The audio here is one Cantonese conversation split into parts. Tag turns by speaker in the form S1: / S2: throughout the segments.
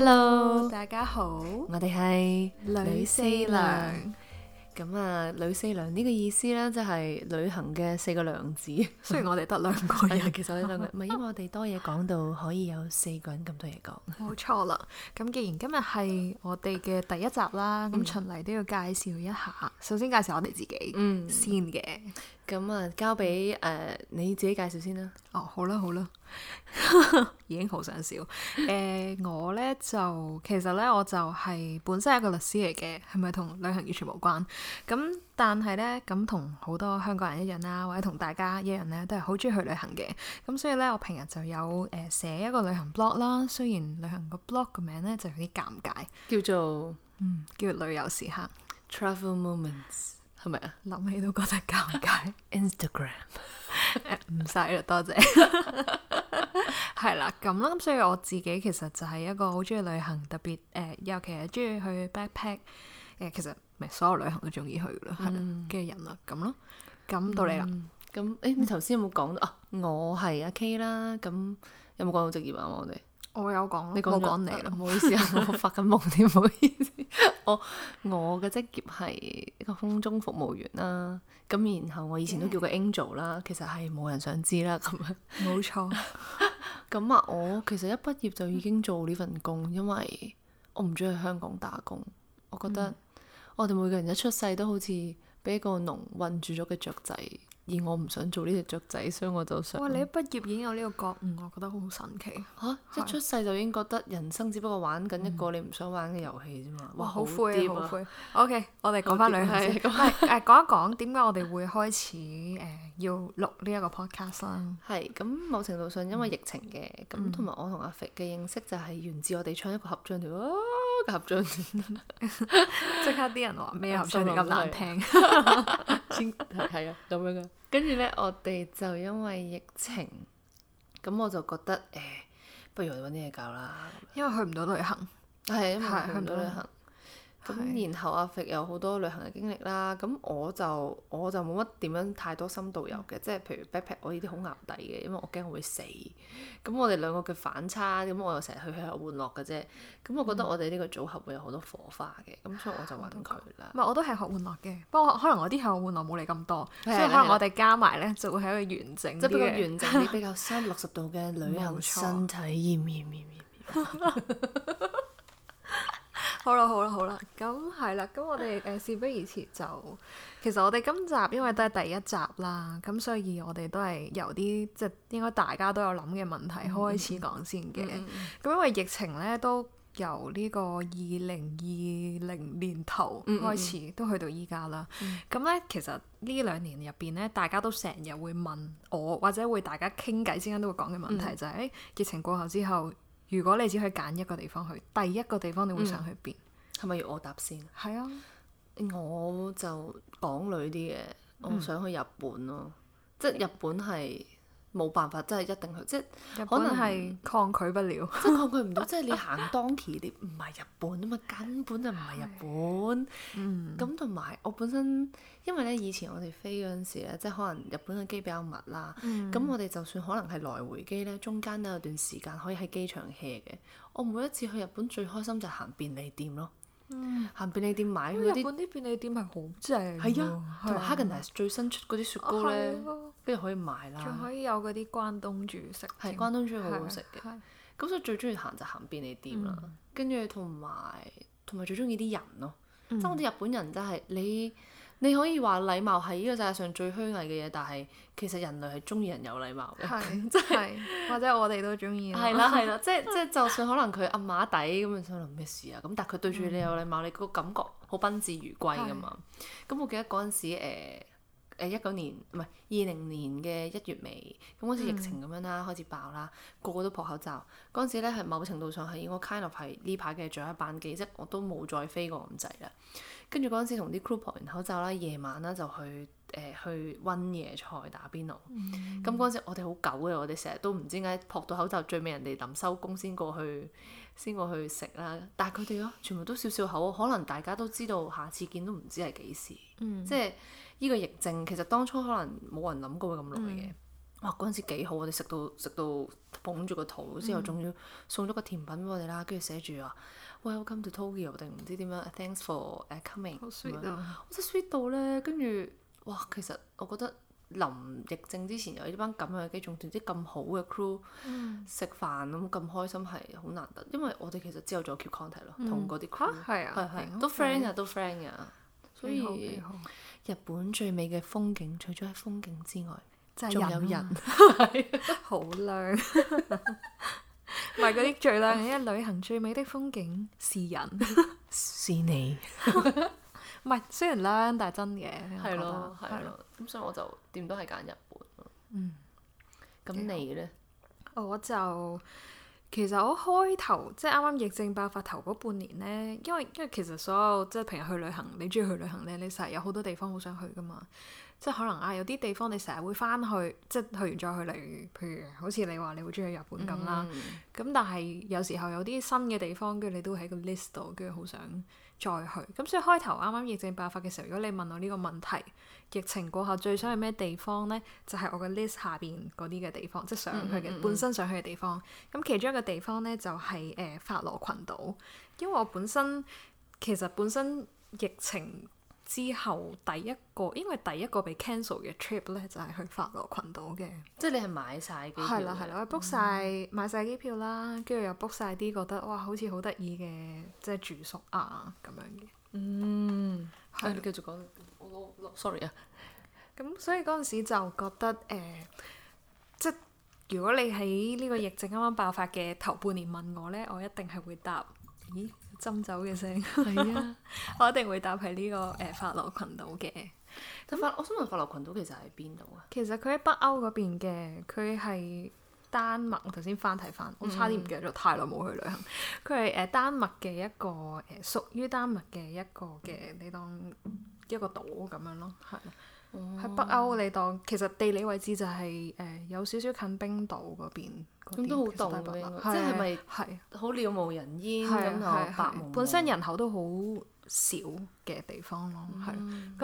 S1: Hello，大家好，
S2: 我哋係旅四娘。咁啊，旅四娘呢個意思呢，就係旅行嘅四個娘子。 雖然我哋得兩個人， 其實我哋兩個人唔係，因為我哋多嘢講到可以有四個人咁多嘢講。冇錯啦。咁既然今日係我哋
S1: 嘅第一集啦，咁循例都要介紹一下。首先介紹我哋自己，嗯，先嘅。咁啊，交俾誒、uh，你自己介紹先啦。哦，好啦，好啦， 已經好想笑。誒、uh，我呢，就其實呢，我就係本身係一個律師嚟嘅，係咪同旅行完全無關？咁但係呢，咁同好多香港人一樣啦，或者同大家一樣呢，都係好中意去旅行嘅。咁所以呢，我平日就有誒寫、呃、一個旅行 blog 啦。雖然旅行個 blog 個名呢，就有啲尷尬，
S2: 叫做嗯
S1: 叫旅遊時刻 （Travel Moments）。係咪啊？諗起都覺得尷尬。 Instagram 唔使啦，多謝。係啦，咁啦，咁所以我自己其實就係一個好中意旅行，特別誒、呃，尤其係中意去
S2: backpack、呃。誒，其實咪所有旅行都中意去、嗯、咯，係啦嘅人啦，咁咯，咁到你啦。咁誒、嗯欸，你頭先有冇講、嗯、啊？我係阿 K 啦，咁有冇講到職業啊？我哋。我有講，我講你啦說，唔好意思， 我發緊夢添，唔好意思。我我嘅職業係一個空中服務員啦，咁然後我以前都叫佢 Angel 啦、嗯，其實係冇人想知啦咁樣。冇錯錯，咁啊，我其實一畢業就已經做呢份工，因為我唔中意喺香港打工，我覺得我哋每個人一出世都好似俾一個籠困住咗嘅雀仔。而我唔想做呢隻雀仔，所以我就想。哇！你一畢業已經有呢個覺悟，我覺得好神奇。吓，一出世就已經覺得人生只不過玩緊一個你唔想玩嘅遊戲啫嘛。哇，好灰啊，好灰。OK，我哋講翻兩句，唔係誒，講一講點解我哋會開始誒要錄呢一個 podcast 啦。係咁，某程度上因為疫情嘅，咁同埋我同阿肥嘅認識就係源自我哋唱一個合唱團咯。 合合張，即刻啲人話咩合張片咁難聽，先係啊咁樣啊。跟住呢，我哋就因為疫情，咁我就覺得誒、欸，不如我哋揾啲嘢搞啦。 因為去唔到旅行，係係去唔到旅行。咁然後阿肥有好多旅行嘅經歷啦，咁我就我就冇乜點樣太多深度遊嘅，即係、嗯、譬如 backpack，我呢啲好岩底嘅，因為我驚會死。咁我哋兩個嘅反差，咁我又成日去去學玩樂嘅啫。咁我覺得我哋呢個組合會有好多火花嘅，咁所以我就揾佢啦。唔
S1: 係、嗯，我都係學玩樂嘅，不過可能我啲學玩樂冇你咁多，所以可能我哋加埋呢就會係一個完整，即係比較完整啲
S2: 比較三六十度嘅旅遊身體驗驗驗驗驗。錯
S1: 好啦好啦好啦，咁係啦，咁我哋誒、呃、事不宜遲就，其實我哋今集因為都係第一集啦，咁所以我哋都係由啲即、即係、應該大家都有諗嘅問題開始講先嘅。咁、嗯、因為疫情咧都由呢個二零二零年頭開始、嗯嗯、都去到依家啦，咁咧、嗯、其實呢兩年入邊咧，大家都成日會問我，或者會大家傾偈之間都會講嘅問題、嗯、就係、係欸、疫情過後之後。如果你只可以揀一個地方去，第一個地方你會想去邊？係
S2: 咪、嗯、要我先答先？係啊，我就港女啲嘅，我想去日本咯，嗯、即係日本係。冇辦法，真係一定去，即係可能係抗拒不了，即 抗拒唔到。 即係你行 Donki 啲，唔係日本啊嘛，根本就唔係日本。嗯，咁同埋我本身，因為咧以前我哋飛嗰陣時咧，即係可能日本嘅機比較密啦。咁 我哋就算可能係來回機咧，中間都有段時間可以喺機場 hea 嘅。我每一次去日本最開心就行便利店咯。嗯、行便利店買嗰啲，啲便利店係好正，係啊，同埋、啊、Häagen-Dazs 最新出嗰啲雪糕咧，都又、哦啊、可以買啦。仲可以有嗰啲關東煮食，係關東煮好好食嘅。咁、啊啊、所以最中意行就行便利店啦，跟住同埋同埋最中意啲人咯，嗯、即係啲日本人真、就、係、是、你。你可以話禮貌係呢個世界上最虛偽嘅嘢，但係其實人類係中意人有禮貌嘅，即係或者我哋都
S1: 中意。係啦係啦，即
S2: 係即係，就算可能佢暗馬底咁樣想諗咩事啊，咁但係佢對住你有禮貌，嗯、你個感覺好賓至如歸㗎嘛。咁是我記得嗰陣時誒誒一九年唔係二零年嘅一月尾，咁好似疫情咁樣啦，嗯、開始爆啦，個個都撲口罩。嗰陣時咧，係某程度上係應該 kind of 係呢排嘅最後一班機，即、就係、我都冇再飛過咁滯啦。跟住嗰陣時同啲 crew 破完口罩啦，夜晚啦就去誒、呃、去溫野菜打邊爐。咁嗰陣時我哋好狗嘅，我哋成日都唔知點解撲到口罩，最尾人哋臨收工先過去，先過去食啦。但係佢哋咯，全部都笑笑口，可能大家都知道下次見都唔知係幾時。嗯、即係呢、呢個疫症，其實當初可能冇人諗過會咁耐嘅。嗯、哇！嗰陣時幾好，我哋食到食到捧住個肚，之後仲、嗯、要送咗個甜品俾我哋啦，跟住寫住話～Welcome to Tokyo 定唔知點樣？Thanks for coming、啊。好 sweet 我真係 sweet 到呢。跟住哇！其實我覺得臨疫症之前有呢班咁樣嘅機種，仲同啲咁好嘅 crew 食、嗯、飯咁咁開心係好難得，因為我哋其實之後仲有 keep contact 咯、嗯，同嗰啲 crew 係啊係係、啊、Okay. 都 friend 啊都 friend 嘅、啊。所以 Okay. 日本最美嘅風景，除咗係風景之外，仲有人，好靚。
S1: 唔係嗰啲最靚嘅 旅行，最美的風景是人，
S2: 是你 是。
S1: 唔係雖然靚，但係真嘅。係咯的，係咯。咁所以我就點都係揀日本。嗯。咁你呢？好我就其實我開頭即係啱啱疫症爆發頭嗰半年呢，因為因為其實所有即係平日去旅行，你中意去旅行咧，你實有好多地方好想去噶嘛。即係可能啊，有啲地方你成日會翻去，即係去完再去。例如，譬如好似你話你會中意日本咁啦。咁、嗯、但係有時候有啲新嘅地方，跟住你都會喺個 list 度，跟住好想再去。咁所以開頭啱啱疫症爆發嘅時候，如果你問我呢個問題，疫情過後最想去咩地方呢？就係、是、我個 list 下邊嗰啲嘅地方，嗯、即係想去嘅，嗯、本身想去嘅地方。咁、嗯、其中一個地方呢，就係、是、誒、呃、法羅群島，因為我本身其實本身疫情。之後第一個，因為第一個被 cancel 嘅 trip 咧，就係、是、去法羅群島嘅。
S2: 即係你係買曬機票。係啦係啦，
S1: 我 book 曬買晒機票啦，跟住又 book 晒啲覺得哇，好似好得意嘅，即係住宿啊咁樣嘅。嗯，係是，哎、你繼續講。
S2: 我我，我 sorry 啊。咁
S1: 所以嗰陣時就覺得誒、呃，即如果你喺呢個疫症啱啱爆發嘅頭半年問我咧，我一定係會答，咦？斟酒嘅聲係啊， 我一定會答喺呢、這個誒、呃、法羅群島嘅。
S2: 咁法、嗯，我想問法羅群島其實喺邊度啊？
S1: 其實佢喺北歐嗰邊嘅，佢係丹麥。我頭先翻睇翻，嗯、我差啲唔記得咗，太耐冇去旅行。佢係誒丹麥嘅一個誒、呃，屬於丹麥嘅一個嘅，嗯、你當一個島咁樣咯，係。喺北歐，你當其實地理位置就係、是、誒、呃、有少少近冰島嗰邊，咁都好凍，即係咪
S2: 係好渺無人煙咁，又
S1: 本身人口都好少嘅地方咯，係咁、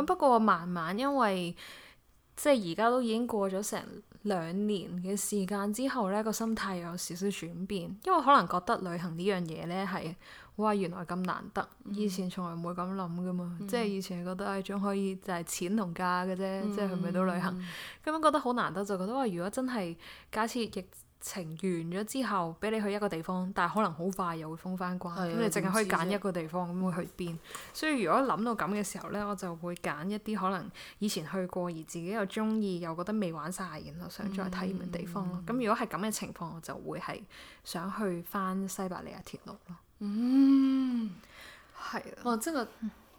S1: 嗯、不過慢慢因為即係而家都已經過咗成兩年嘅時間之後，呢個心態有少少轉變，因為可能覺得旅行呢樣嘢呢係。哇！原來咁難得，以前從來唔會咁諗噶嘛，嗯、即係以前係覺得誒，總、啊、可以就係錢同假嘅啫，嗯、即係去唔去到旅行咁、嗯、樣，覺得好難得。就覺得哇，如果真係假設疫情完咗之後，俾你去一個地方，但係可能好快又會封翻關，咁、嗯、你淨係可以揀一個地方咁會、嗯嗯、去邊？嗯、所以如果諗到咁嘅時候呢，我就會揀一啲可能以前去過而自己又中意又覺得未玩晒，然後想再體驗嘅地方咯。咁、嗯嗯嗯、如果係咁嘅情況，我就會係想去翻西伯利亞鐵路咯。嗯，係啊，哇、哦！真係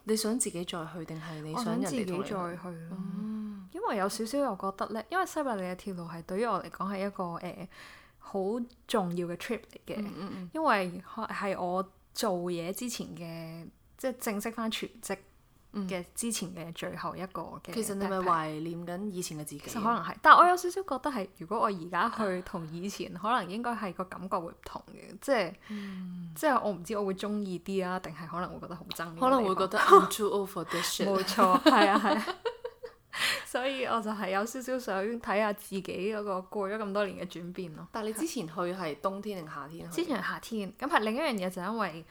S1: 你想自己再去定係你想人哋再去？去再去啊、嗯，因為有少少，我覺得呢，因為西伯利亞鐵路係對於我嚟講係一個誒好、呃、重要嘅 trip 嚟嘅。嗯，嗯，嗯，因為係我做嘢之前嘅，即係正式翻全職嘅之前嘅最後一個嘅、嗯。其實你咪懷念緊以前嘅自己，其實可能係，但係我有少少覺得係，如果我而家去同以前，啊、可能應該係個感覺會唔同嘅，即係。嗯即係我唔知我會中意啲啊，定係可能會覺得好憎。
S2: 可能會覺得。Too old for this shit. 冇錯，係 啊係。啊
S1: 所以我就係有少少想睇下自己嗰個過咗咁多年嘅轉變咯。但係你之前去係冬天定夏，夏天？之前係夏天。咁係另一樣嘢就係因為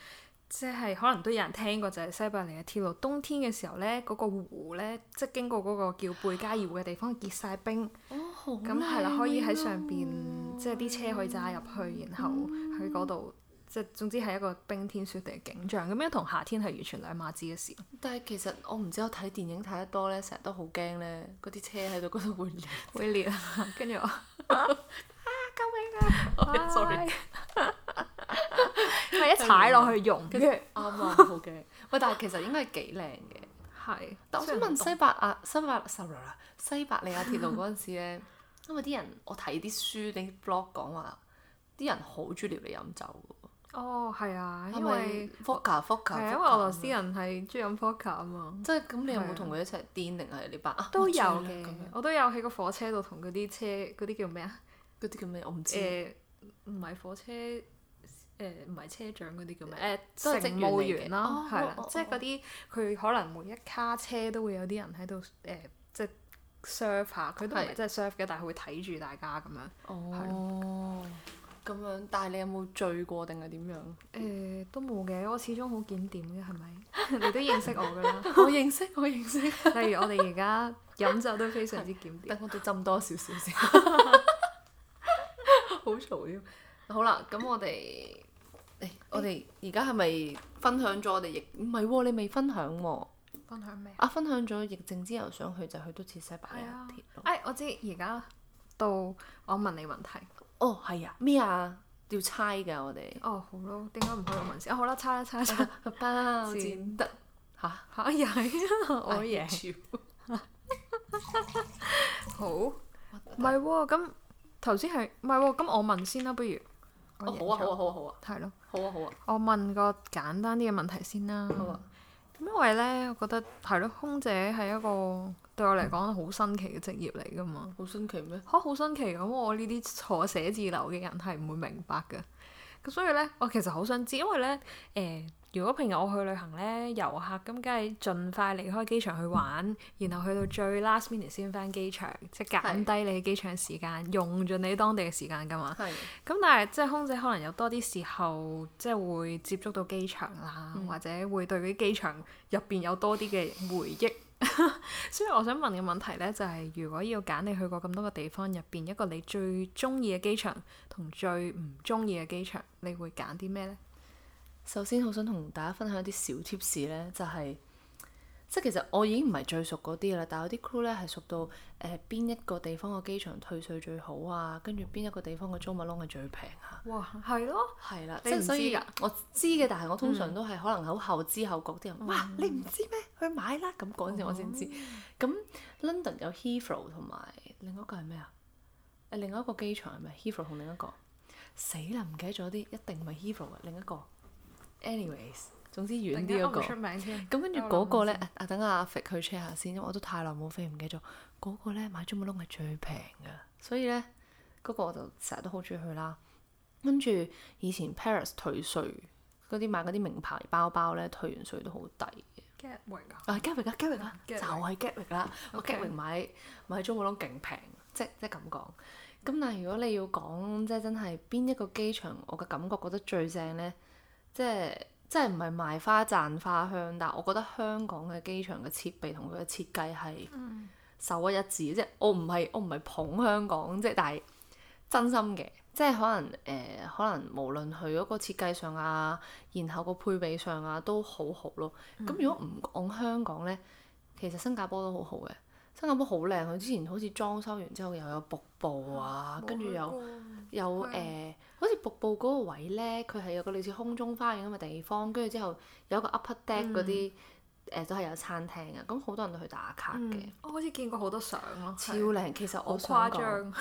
S1: 即係、就是、可能都有人聽過，就係西伯利亞鐵路冬天嘅時候呢，嗰、那個湖呢，即係經過嗰個叫貝加爾湖嘅地方結晒冰。哦
S2: 好、啊。咁係啦，可以喺
S1: 上邊、啊、即係啲車可以揸入去，然後去嗰度、嗯。即係總之係一個冰天雪地嘅景象咁樣，同夏天係完全
S2: 兩碼子嘅事。但係其實我唔知我睇電影睇得多咧，成日都好驚咧，嗰啲車喺度嗰度會裂，會裂啊！跟住我啊，救命啊！sorry，咪
S1: 一踩落去溶，跟住啱啊，好
S2: 驚喂！但係其實應該係幾靚嘅係，但我想問西伯亞、西伯西伯利亞鐵路嗰陣時咧，因為啲人我睇啲書啲 blog 講話啲人好中意嚟飲酒。哦，係啊，因為 Vodka Vodka，係啊，俄羅斯
S1: 人係鍾意飲 Vodka 啊嘛。即係咁，你有冇同佢一齊癲定係呢班？都有嘅，我都有喺個火車度同嗰啲車嗰啲叫咩啊？嗰啲叫咩？我唔知。誒，唔係火車，誒唔係車長嗰啲叫咩？即誒，乘務員啦，係啦，即係嗰啲佢可能每一卡車都會有啲人喺度誒，即係 serve 下，佢都係即係 serve 嘅，但係佢會睇住大家咁樣。哦。咁樣，但係你有冇醉過定係點樣？誒，都冇嘅，我始終好檢點嘅，係咪？你都認識我㗎啦，我認識，我認識。例如我哋而家飲酒都非常之
S2: 檢點。等我哋浸多少少先。好嘈添。好啦，咁我哋誒，我哋而家係咪分享咗我哋疫？唔係喎，你未分享喎。
S1: 分享咩？
S2: 啊，分享咗疫症之後想去就去都設西伯鐵。
S1: 誒，我知而家
S2: 到我問你問題。哦，係、oh, 啊，咩啊麼，要猜噶我哋。哦、oh,，好咯，點解唔可以問先
S1: 啊，好啦，猜啦，猜啦，猜，猜，猜，得唔得？
S2: 嚇 嚇先行、啊哎、呀，我贏。 好，唔
S1: 係喎，咁頭先係唔係喎？咁我問先啦，不如。哦，oh,
S2: 好啊，好啊，好啊，好啊，係咯吧，好啊，好
S1: 啊。我問個簡單啲嘅問題先啦，好啊、因為呢，我覺得係咯，空姐係一個。對我嚟講，好新奇嘅職業嚟㗎嘛？好新奇咩？嚇，好新奇咁！我呢啲坐寫字樓嘅人係唔會明白㗎。咁所以呢，我其實好想知，因為呢，誒、呃，如果平日我去旅行呢，遊客咁梗係盡快離開機場去玩，嗯、然後去到最 last minute 先返機場，即係減低你機場時間，是用盡你當地嘅時間㗎嘛？係是。咁但係即係空姐可能有多啲時候，即係會接觸到機場啦，嗯、或者會對嗰啲機場入邊有多啲嘅回憶。 所以我想問嘅問題呢、就是，就係如果要揀你去過咁多個地方入邊一個你最中意嘅機場同最唔中
S2: 意嘅機場，你會揀啲咩呢？首先好想同大家分享一啲小 tips 呢，就係、是。即其實我已經唔係最熟嗰啲啦，但係有啲 crew 咧係熟到誒邊、呃、一個地方嘅機場退稅最好啊，跟住邊一個地方嘅租物劧係最平啊。哇！係咯。係啦的，即係所以我知嘅，但係我通常都係可能好後知後覺啲人。嗯、哇！你唔知咩？去買啦！咁講住我先知。咁、哦、London 有 Heathrow 同埋另一個係咩啊？誒，另一個機場係咪 Heathrow 同另一個死啦！唔記得咗啲，一定唔係 Heathrow 嘅另一個。Anyways。總之遠啲嗰個、oh, 出名先，咁跟住嗰個咧，誒、啊，等阿 f 去 check 下先，因為我都太耐冇飛，唔記咗嗰、那個咧買 Jo Malone 係最平嘅，所以咧嗰、那個我就成日都好中意去啦。跟住以前 Paris 退稅嗰啲買嗰啲名牌包包咧，退完稅都好抵嘅。Gatwick 啊，Gatwick Gatwick 啊，就係 Gatwick 啦。我 Gatwick 買買 Jo Malone 勁平，即即咁講。咁但係如果你要講即真係邊一個機場，我嘅感覺覺得最正咧，即係。即係唔係賣花讚花香？但係我覺得香港嘅機場嘅設備同佢嘅設計係首屈一指，嗯、即係我唔係我唔係捧香港，即係但係真心嘅，即係可能誒、呃，可能無論佢嗰個設計上啊，然後個配備上啊，都好好咯。咁、嗯、如果唔講香港呢，其實新加坡都好好嘅，新加坡好靚，佢之前好似裝修完之後又有瀑布啊，跟住又有誒。好似瀑布嗰個位呢，佢係有個類似空中花園咁嘅地方，跟住之後有一個 upper deck 嗰啲，誒、嗯呃、都係有餐廳嘅，咁好多人都去打卡嘅、嗯。我好似見過好多相咯，超靚美。是其實我誇張，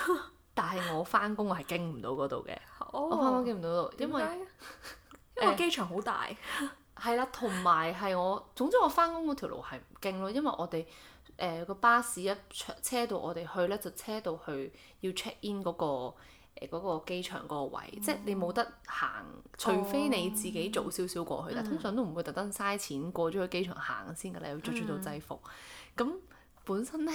S2: 但係、 oh, 我翻工我係經唔到嗰度嘅。
S1: 我翻工經
S2: 唔到度，因為，為因為機 場好大、 哎。係啦，同埋係我總之我翻工嗰條路係唔經咯，因為我哋誒個巴士一車車到我哋去呢，就車到去要 check in 嗰、那個。誒嗰個機場嗰個位，嗯、即係你冇得行，哦、除非你自己早少少過去。嗯、但通常都唔會特登嘥錢過咗去機場行先㗎，你要着住套制服。咁、嗯、本身呢，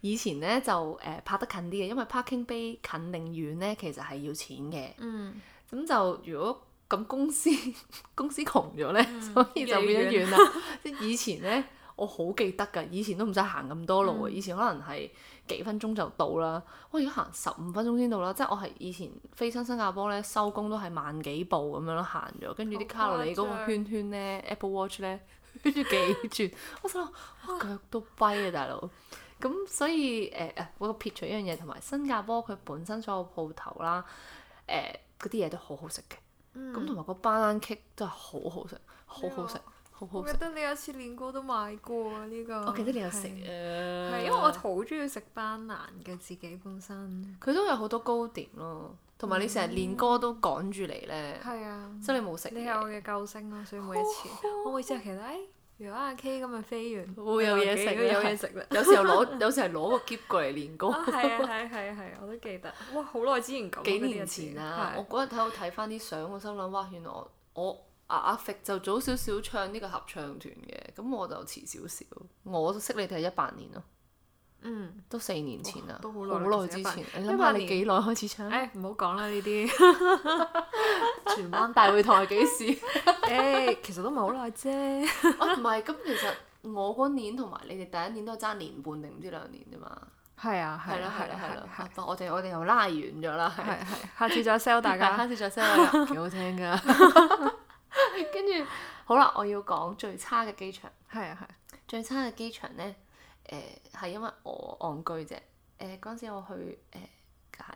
S2: 以前呢就誒、呃、拍得近啲嘅，因為 parking bay 近定遠呢，其實係要錢嘅。嗯。咁就如果咁公司公司窮咗呢，嗯、所以就變咗遠啦。即多遠 以前呢，我好記得㗎，以前都唔使行咁多路，以前可能係。 幾分鐘就到啦！我而家行十五分鐘先到啦，即係我係以前飛身新加坡咧，收工都係萬幾步咁樣啦，行咗，跟住啲卡路里嗰個圈圈咧 ，Apple Watch 咧圈住幾轉、 呃，我想話，哇腳都跛啊，大佬！咁所以誒誒，我撇除一樣嘢，同埋新加坡佢本身所有鋪頭啦，誒嗰啲嘢都好、嗯、an an 都好食嘅，
S1: 咁同埋
S2: 個班蘭 cake 都係好好食，好好食。我記得
S1: 你有次練歌都買過啊！呢個我記得你有食啊，係因為我好中意食班蘭嘅自己本身。
S2: 佢都有好多糕點咯，同埋你成日練歌都趕住嚟咧。係啊，即係你冇食。
S1: 你係我嘅救星咯，所以每一次我每次其實誒，如果阿 K 咁咪飛完，會有嘢食啦。有時候攞，有
S2: 時候攞個 keep 過嚟練歌。係啊係啊
S1: 係啊！我都記得。哇！好耐之前講嗰啲嘢。幾年前啊！我
S2: 嗰日喺度睇翻啲相，我心諗哇，原來我我。阿肥就早少少唱呢個合唱團嘅，咁我就遲少少，我識你哋係一八年咯，嗯，都四年前啦，都好耐之前。你諗下你幾耐開始唱？誒唔好講啦呢啲，荃灣大會堂係幾時？誒其實都唔係好耐啫。啊唔係，咁其實我嗰年同埋你哋第一年都係爭年半定唔知兩年啫嘛。係啊，係啦，係啦，係啦。我哋我哋又拉遠咗啦。係係，下次再 sell 大家，下次再 sell，幾好聽㗎。跟住 好啦，我要講最差嘅機場，係啊係，最差嘅機場呢？誒、呃、係因為我戇居啫，誒嗰陣時我去誒。呃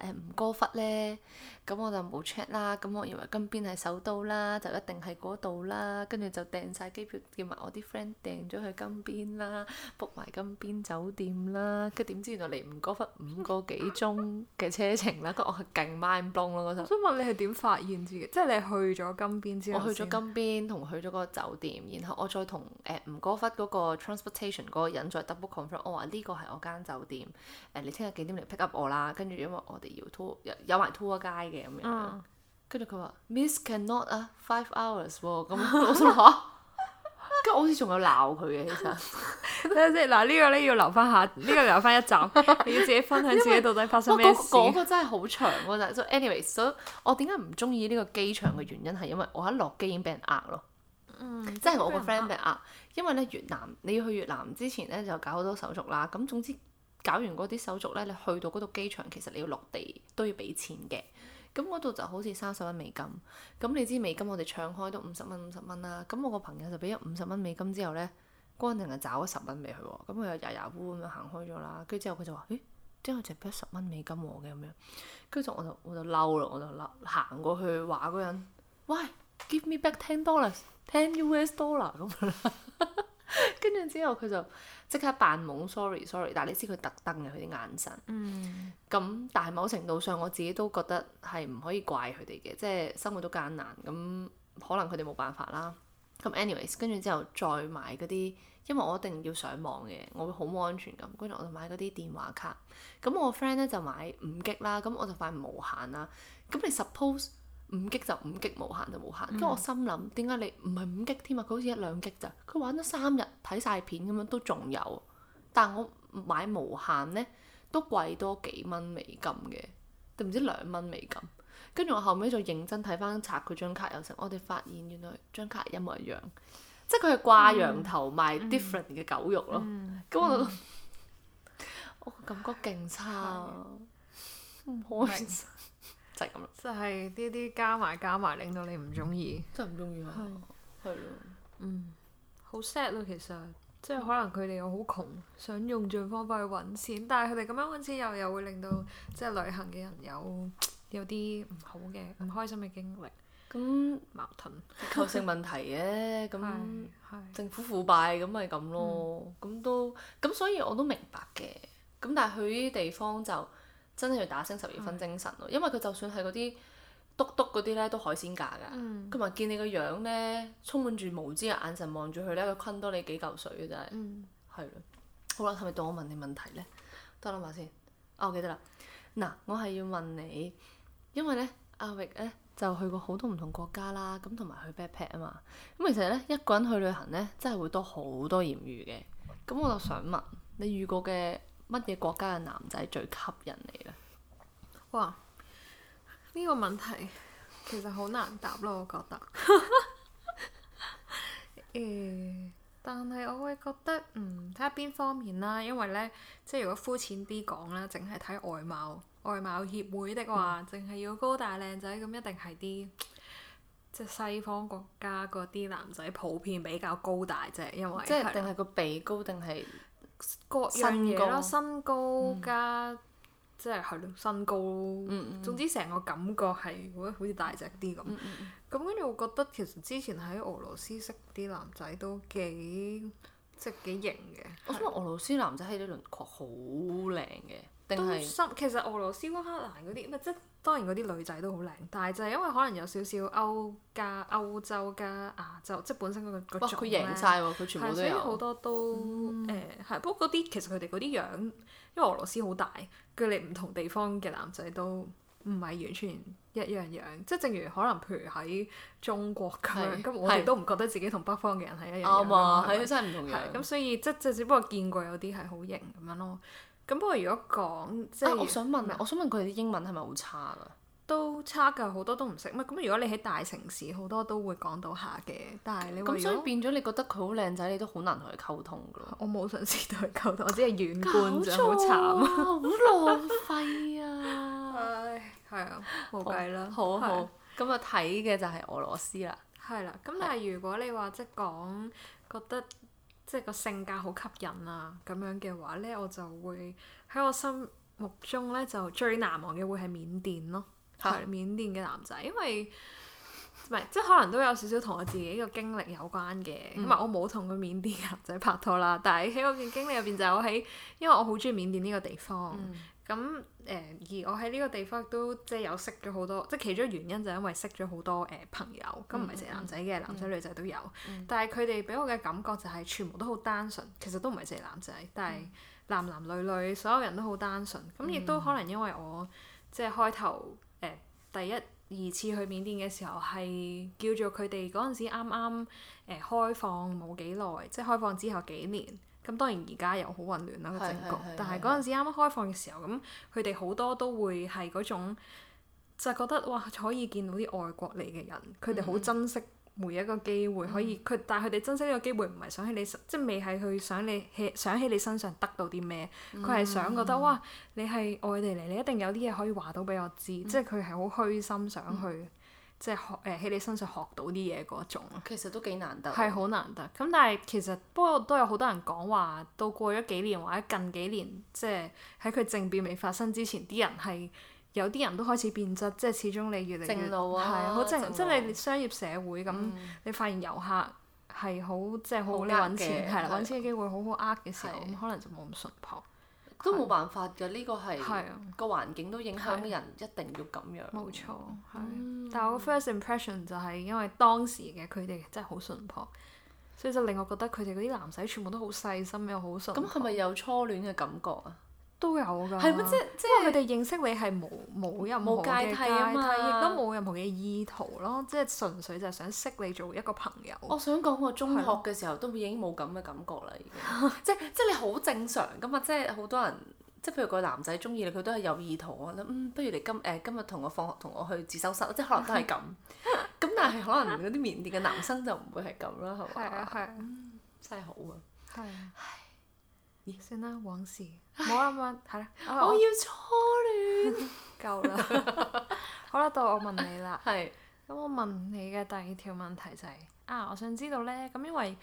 S2: 誒吳哥窟咧，咁、呃、我就冇 check 啦。咁我認為金邊係首都啦，就一定係嗰度啦。跟住就訂晒機票，叫埋我啲 friend 訂咗去金邊啦，book 埋金邊酒店啦。跟點知原來嚟吳哥窟五個幾鐘嘅車程啦。咁 我係勁 mind blown 咯！我想問你係點發現嘅？即係你係去咗金邊之後，我去咗金邊同去咗嗰個酒店， 然後我再同誒吳哥窟嗰個 transportation 嗰個人再 double confirm，我話呢個係我間酒店，誒、呃、你聽日幾點嚟 pick up 我啦？跟住因為我哋要 tour 有有埋 tour guide 嘅咁樣，跟住佢話 miss cannot 啊、uh, five hours 咁我諗跟住好似仲有鬧佢嘅其實，
S1: 即係嗱呢個咧要留翻下，呢、這個留翻一集，你 要自己分享自己到底發生咩為、啊、事。嗰、啊那個那個
S2: 真係好長嗰陣，所以 anyway，所以我點解唔中意呢個機場嘅原因係因為我一落機已經俾人呃咯，嗯，即係我個 friend 俾人呃，因為咧越南你要去越南之前咧就搞好多手續啦，咁總之。總之搞完嗰啲手續咧，你去到嗰度機場，其實你要落地都要俾錢嘅。咁嗰度就好似三十蚊美金。咁你知美金我哋唱開都五十蚊五十蚊啦。咁、啊、我個朋友就俾咗五十蚊美金之後咧，嗰個人就找咗十蚊俾佢喎。咁佢又牙牙烏咁樣行開咗啦。跟住之後佢就話，咦，點解我淨俾咗十蚊美金喎？咁樣。跟住我就我就嬲啦，我就嬲，行過去話嗰人，喂，give me back ten dollars，ten US dollar。咁。 跟住 之後佢就即刻扮懵，sorry sorry，但係你知佢特登嘅佢啲眼神。嗯，咁但係某程度上我自己都覺得係唔可以怪佢哋嘅，即係生活都艱難，咁可能佢哋冇辦法啦。咁 anyways，跟住之後再買嗰啲，因為我一定要上網嘅，我會好冇安全感。跟住我就買嗰啲電話卡，咁我 friend 咧就買五 G 啦，咁我就買無限啦。咁你 suppose？5G 就 5G，無限就無限，跟住我心諗點解你唔係 5G 添啊？佢好似一兩 G 咋？佢玩咗三日睇晒片咁樣都仲有，但係我買無限呢，都貴多幾蚊美金嘅，定唔知兩蚊美金？跟住我後尾就認真睇翻拆佢張卡有成、啊，我哋發現原來張卡一模一樣，即係佢係掛羊頭賣 different 嘅狗肉咯。咁、嗯嗯嗯、我我感覺勁
S1: 差、啊，唔開心。即係呢啲加埋加埋，令到你唔中意，真係唔中意啊！係咯是了， 嗯，好 sad 咯，其實即係可能佢哋又好窮，想用盡方法去揾錢，但係佢哋咁樣揾錢又又會令到即係旅行嘅人有有啲唔好嘅唔開心嘅經
S2: 歷，咁矛盾結構性問題嘅，咁政府腐敗，咁咪咁咯，咁都咁，所以我都明白嘅，咁但係去啲地方就。真係要打醒十二分精神咯，的因為佢就算係嗰啲篤篤嗰啲咧，都海鮮價㗎。佢咪見你個樣咧，充滿住無知嘅眼神望住佢咧，佢昆多你幾嚿水嘅，真係。係、嗯、好啦，係咪到我問你問題咧？多諗下先。啊，我記得啦。嗱，我係要問你，因為咧，阿域咧就去過好多唔同國家啦，咁同埋去 backpack 啊嘛。咁其實咧，一個人去旅行咧，真係會多好多艷遇嘅。咁我就想問你遇過嘅。乜嘢國家嘅男仔最吸引你呢？哇！呢、
S1: 呢個問題其實好難答咯，我覺得、 欸。但係我會覺得，嗯，睇下邊方面啦。因為呢，即係如果膚淺啲講啦，淨係睇外貌，外貌協會的話，淨係、嗯、要高大靚仔，咁一定係啲即係西方國家嗰啲男仔普遍比較高大啫。因為即係定係個鼻高定係？各樣嘢咯，身高，身高加、嗯、即係係咯，身高，咯、嗯嗯。總之成個感覺係，好好似大隻啲咁。咁跟住，我覺得其實之前喺俄羅斯識啲男仔都幾，即係幾
S2: 型嘅。我想話俄羅斯男仔喺呢輪廓好靚嘅。都濕，
S1: 其實俄羅斯烏克蘭嗰啲，咪即係當然嗰啲女仔都好靚，但係就係因為可能有少少歐加歐洲加亞洲，即本身嗰、嗰個個佢型曬，佢全部都有。好多都，不過嗰啲其實佢哋嗰啲樣，因為俄羅斯好大，佢哋唔同地方嘅男仔都唔係完全一樣樣。即正如可能譬如喺中國咁樣，咁是我哋都唔覺得自己同北方嘅人係一樣樣。啱啊是，係是真係唔同樣。咁所以即係只不過見過有啲係好型咁樣咯。咁不過如果講，
S2: 即係我想問，我想問佢哋啲英文係咪好差啊？
S1: 都差㗎，好多都唔識。唔咁，如果你喺大城市，好多都會講到下嘅。
S2: 但係你咁所以
S1: 變咗，你覺得佢好靚仔，你都好
S2: 難同佢溝通㗎咯。我冇嘗試同佢溝通，我只係遠觀啫。好慘啊！好浪費啊！唉，係啊，冇計啦。好好咁啊，睇嘅就係俄羅斯啦。
S1: 係啦，咁但係如果你話即係講覺得。即係個性格好吸引啊，咁樣嘅話呢，我就會喺我心目中呢，就最難忘嘅會係緬甸咯，係好緬甸嘅男仔，因為，唔係，即係可能都有少少同我自己嘅經歷有關嘅，唔係、嗯、我冇同個緬甸男仔拍拖啦，但係喺我嘅經歷入邊就係我喺，因為我好中意緬甸呢個地方。嗯咁誒、嗯嗯嗯嗯、而我喺呢個地方都即係、就是、有識咗好多，即、就、係、是、其中原因就係因為識咗好多誒、呃、朋友，咁唔係淨係男仔嘅，男仔女仔都有。嗯、但係佢哋俾我嘅感覺就係全部都好單純，其實都唔係淨係男仔，嗯、但係男男女女所有人都好單純。咁亦、嗯、都可能因為我即係、就是、開頭誒、呃、第一二次去緬甸嘅時候係叫做佢哋嗰陣時啱啱誒開放冇幾耐，即係開放之後幾年。咁當然而家又好混亂啦個政局，是是是是，但係嗰陣時啱啱開放嘅時候，咁佢哋好多都會係嗰種就是、覺得哇，可以見到啲外國嚟嘅人，佢哋好珍惜每一個機會可以佢、嗯，但係佢哋珍惜呢個機會唔係想喺你身即未係去想起你想起想喺你身上得到啲咩，佢係、嗯、想覺得、嗯、哇，你係外地嚟，你一定有啲嘢可以話到俾我知，嗯、即係佢係好虛心想去。嗯即係學誒喺、呃、你身上學到啲嘢嗰種，其實都幾難,難得，係好難得。咁但係其實不過都有好多人講話，到過咗幾年或者近幾年，即係喺佢政變未發生之前，啲人係有啲人都開始變質。即、就、係、是、始終你越嚟越係好正,、啊、正，正路即係你商業社會咁，你發現遊客係好、嗯、即係好，你揾錢係啦，
S2: 揾錢嘅機會好好呃嘅時候，咁的可能就冇咁純樸。都冇辦法㗎，呢個係個環境都影響人，的一定要咁樣。冇錯，嗯、但係我 first
S1: impression 就係因為當時嘅佢哋真係好淳樸，所以就令我覺得佢哋嗰啲男仔全部都好細心又好純。咁係咪有初戀嘅感覺啊？都有㗎，係咪？因為佢哋認識你係冇冇任何嘅階梯啊嘛，亦都冇任何嘅意圖
S2: 咯，即係純粹就係想識你做一個朋友。我想講我中學嘅時候都已經冇咁嘅感覺啦，已經。即即係你好正常噶嘛，即係好多人，即係譬如個男仔中意你，佢都係有意圖。我諗，不如你今誒今日同我放學同我去自修室，即係可能都係咁。咁但係可能嗰啲緬甸嘅男生就唔會係咁啦，係嘛？係啊係啊。真係好
S1: 啊。係啊。算啦，往事冇啦唉問，係啦唉。了我要初戀 夠啦了， 好啦，到我問你啦。係是，咁我問你嘅第二條問題就係、是、啊，我想知道呢？咁因為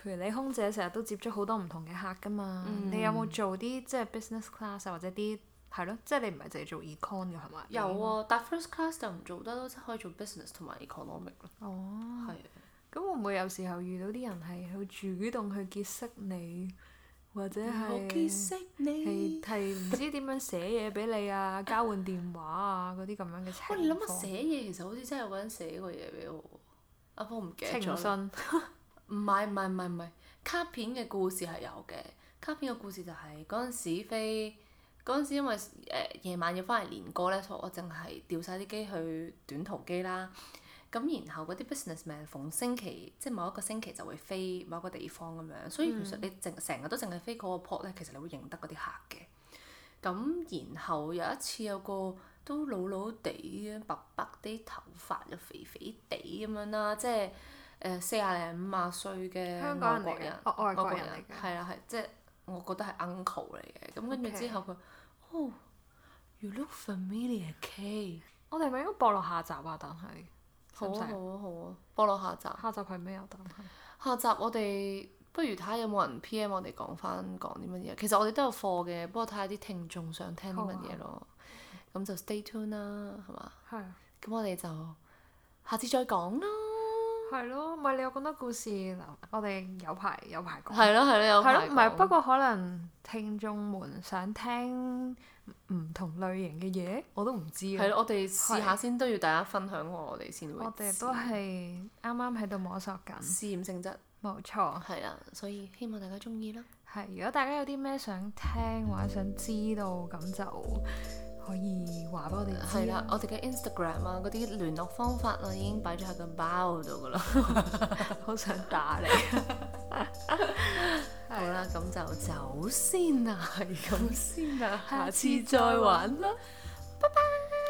S1: 譬如你空姐成日都接觸好多唔同嘅客㗎嘛，嗯、你有冇做啲即係 business class 或者啲
S2: 係咯，即係你唔係淨係做 econ 嘅係咪？有啊，但 first class 就唔做得咯，即可以做 business 同埋 economic 咯。哦，係
S1: 的。咁會唔會有時候遇到啲人係去主動去結識你？或者係，係係唔知點樣
S2: 寫嘢俾你啊， 交換電話啊嗰啲咁樣嘅情況。喂、你諗下寫嘢，其實好似真係有個人寫過嘢俾我。阿婆唔記得咗。情唔係唔係唔係唔係卡片嘅故事，係有嘅，卡片嘅故事就係嗰陣時飛嗰時，因為誒夜、呃、晚要翻嚟連歌呢，所以我淨係掉晒啲機去短途機啦。咁然後嗰啲 businessman 逢星期即係某一個星期就會飛某一個地方咁樣，所以其實你整成日都淨係飛嗰個 port 咧，其實你會認得嗰啲客嘅。咁然後有一次有個都老老哋嘅，白白啲頭髮又肥肥哋咁樣啦，即係誒四廿零五廿歲嘅香港人，外國人係啦係，即係我覺得係 uncle 嚟嘅。咁跟住之後佢，oh Okay.、
S1: 哦、you look familiar，k 我哋係咪應該播落下集啊，但係。
S2: 好啊好啊好啊，播落，啊啊啊，下集。下集係咩啊？但下集我哋不如睇下有冇人 P M 我哋講翻講啲乜嘢。其實我哋都有課嘅，不過睇下啲聽眾想聽啲乜嘢咯。咁、啊、就 stay tuned 啦，係嘛？係、啊。咁我哋就下次再講咯。係咯、啊，唔係你有咁多故事，我哋有排有排講。係咯係咯有排，啊不。不
S1: 過可能聽眾們想聽。唔
S2: 同類型嘅嘢，我都唔知。係咯，我哋試下先，是都要大家分享我哋先會。我哋都係
S1: 啱啱喺度摸索緊，試驗性質，冇錯錯。係啦，所以
S2: 希望大家中意囉。
S1: 係，如果大家有啲咩想聽或者想知道，咁、嗯、就
S2: 可以話俾我哋知、啊。係啦、嗯，我哋嘅 Instagram 啊，嗰啲聯絡方法啊，已經擺咗喺個包度噶啦，好 想打你。 好啦，咁就走先啦，係 咁先啦， 下次再玩啦，拜拜。